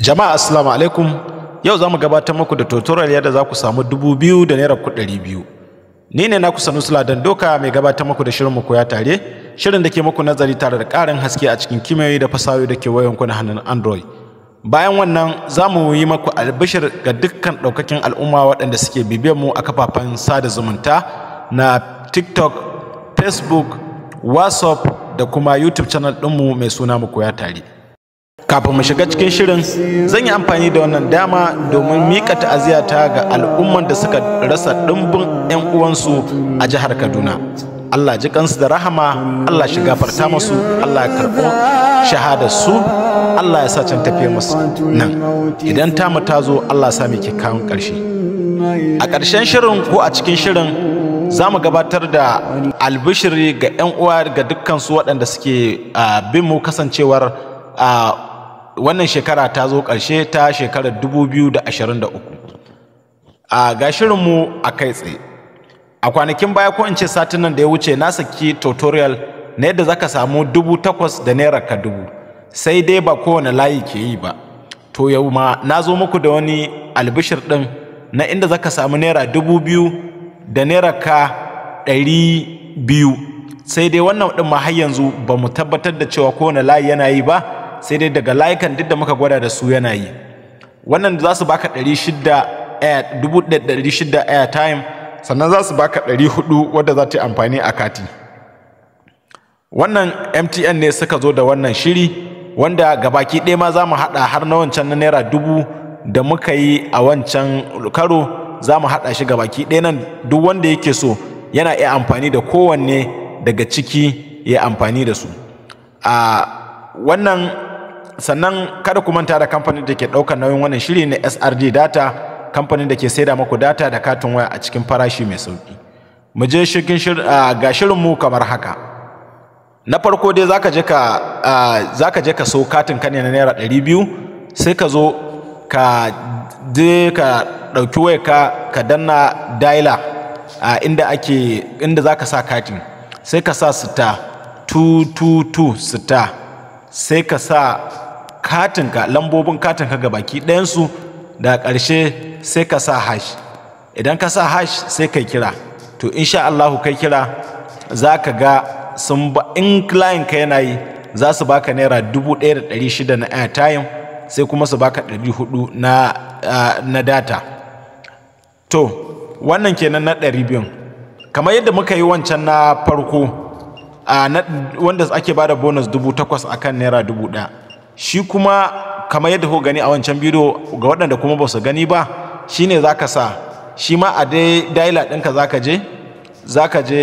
jama'a assalamu alaikum yau za mu gabatar muku da tutorial yadda za ku samu dubu biyu da naira ku biyu ni ne naku sanusi don doka mai gabatar muku da shirin mu koya tare shirin da ke muku nazari tare da ƙarin haske a cikin kimiyoyi da fasahohi da ke na hannun android bayan wannan za mu yi maku albishir ga dukkan ɗaukakin al'umma waɗanda suke bibiyar mu a kafafen sada zumunta na tiktok facebook whatsapp da kuma youtube channel ɗinmu mai suna mu koya tare kafin mu shiga cikin shirin zan yi amfani da wannan dama domin mika ta'aziyata ga al'umman da suka rasa ɗimbin 'yan uwansu a jihar kaduna allah ji kansu da rahama allah shi gafarta musu allah ya karɓo shahadar su allah ya sa can tafiye musu nan idan ta ta zo allah sa mai ƙarshe a ƙarshen shirin ko a cikin shirin za mu gabatar da albishiri ga 'yan uwa ga dukkansu waɗanda suke ah, bin mu kasancewar ah, wannan shekara ta zo ƙarshe ta shekarar 2023 a ga a kai tsaye a kwanakin baya ko in ce satin nan da ya wuce na saki tutorial na yadda zaka samu dubu takwas da naira ka dubu sai dai ba kowane layi ke yi ba to yau ma na zo muku da wani albishir ɗin na inda zaka samu naira dubu biyu da naira ka ɗari biyu sai dai wannan ɗin ma har yanzu ba mu tabbatar da cewa kowane layi yana yi ba sai dai daga layukan duk da muka gwada da su yana yi wannan za su baka 600 air time sannan za su baka 400 wadda za ta yi amfani a kati wannan mtn ne suka zo da wannan shiri wanda gabaki ɗaya ma za mu haɗa har na wancan na naira dubu da muka yi a wancan karo za mu haɗa shi gabaki ɗaya nan duk wanda yake so yana iya amfani da kowanne daga ciki ya amfani da su a wannan sannan kada ku manta da kamfanin da ke ɗaukar nauyin wannan shiri ne SRD data kamfanin da ke saida muku data da katin waya a cikin farashi mai sauki mu je shirkin ga shirinmu kamar haka na farko dai zaka je ka zaka je ka so katin ka ne na naira ɗari biyu sai ka zo ka je ka ɗauki waya ka ka danna dialer a inda ake inda zaka sa katin sai ka sa sita 222 sita sai ka sa katinka lambobin katinka ga baki ɗayansu da ƙarshe sai ka sa hash idan ka sa hash sai kai kira to insha Allahu kai kira za ka ga sun ba in client ka yana yi za su baka naira dubu ɗaya da ɗari shida na airtime sai kuma su baka ɗari hudu na, na data to wannan kenan na ɗari biyun kamar yadda muka yi wancan na farko wanda ake bada bonus dubu takwas akan naira dubu ɗaya shi kuma kamar yadda ku gani a wancan bidiyo ga waɗanda kuma ba su gani ba shine ka sa shi ma a dai daila ɗinka ka je za ka je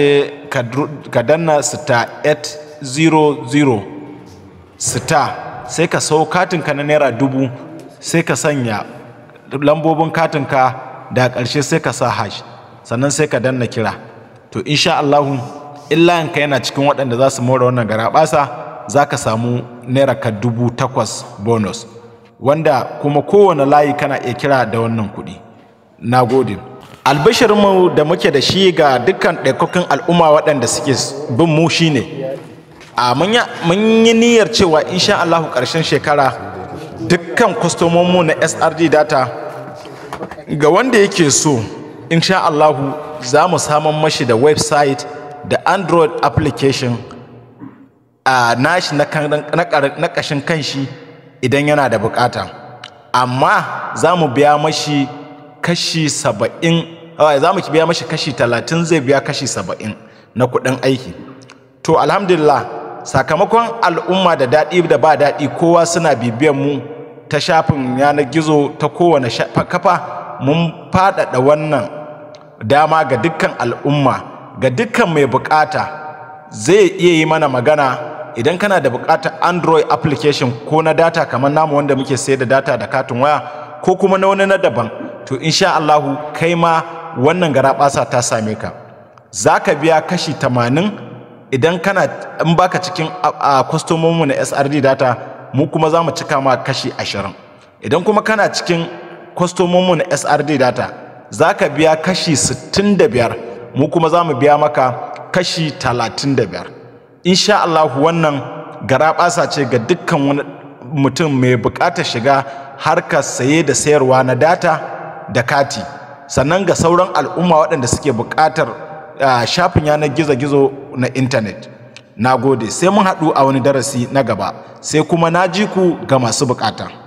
ka danna star 800 sita sai ka sau katinka na naira dubu sai ka sanya lambobin katinka da ƙarshe sai ka sa hash sannan sai ka danna kira to insha illa yanka yana cikin waɗanda za su more wannan gara garaɓasa za ka samu naira ka dubu takwas bonus wanda kuma kowane layi kana iya kira da wannan kuɗi na gode albashirinmu da muke da shi ga dukkan ɗaikokin al'umma waɗanda suke bin mu shine a mun yi niyyar cewa insha Allahu ƙarshen shekara dukkan kwastomomu na SRD data ga wanda yake so insha Allahu za mu samun mashi da website da android application a nashi na ƙashin kanshi idan yana da bukata amma za mu biya mashi kashi saba'in za mu biya mashi kashi talatin zai biya kashi saba'in na kuɗin aiki to alhamdulillah sakamakon al'umma da daɗi da ba daɗi kowa suna bibiyan mu ta shafin yanar gizo ta kowane kafa mun faɗaɗa wannan dama ga dukkan al'umma ga dukkan mai bukata zai iya yi mana magana idan kana da bukatar android application ko na data kamar namu wanda muke sayar da data da katin waya ko kuma na wani na daban to insha Allahu kai ma wannan garaɓasa ta same ka za ka biya kashi tamanin idan kana in baka cikin kwastomomu na srd data mu kuma za cika ma kashi ashirin idan kuma kana cikin kwastomomu na srd data za ka biya kashi sittin da biyar mu kuma zamu biya maka kashi talatin da insha Allah wannan garaɓasa ce ga dukkan wani mutum mai buƙatar shiga harka saye da sayarwa na data da kati sannan ga sauran al'umma waɗanda suke buƙatar shafin yanar gizo-gizo na intanet na gode sai mun haɗu a wani darasi na gaba sai kuma na ji ku ga masu buƙata